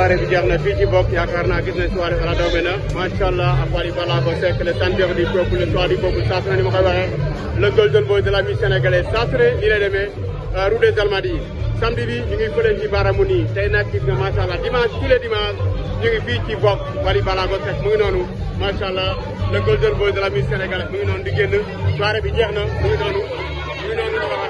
soirée bi jeex na fii ci bokk yaakaar naa gis nañ soirée ala daw na macha allah Waly Ballago Seck le chanteur du peuple le soir du ni ma koy waxee le golden boy de la musique sénégalaise saa su ne nii lay demee euh, rue des Almadies samedi bi ñu ngi fële ci baaramu nii tey nag gis nga macha allah ci bokk Waly Ballago Seck mu ngi noonu macha allah le golden boy de la musique sénégalaise mu ngi di génn soirée bi jeex na mu ngi noonu mu ngi noonu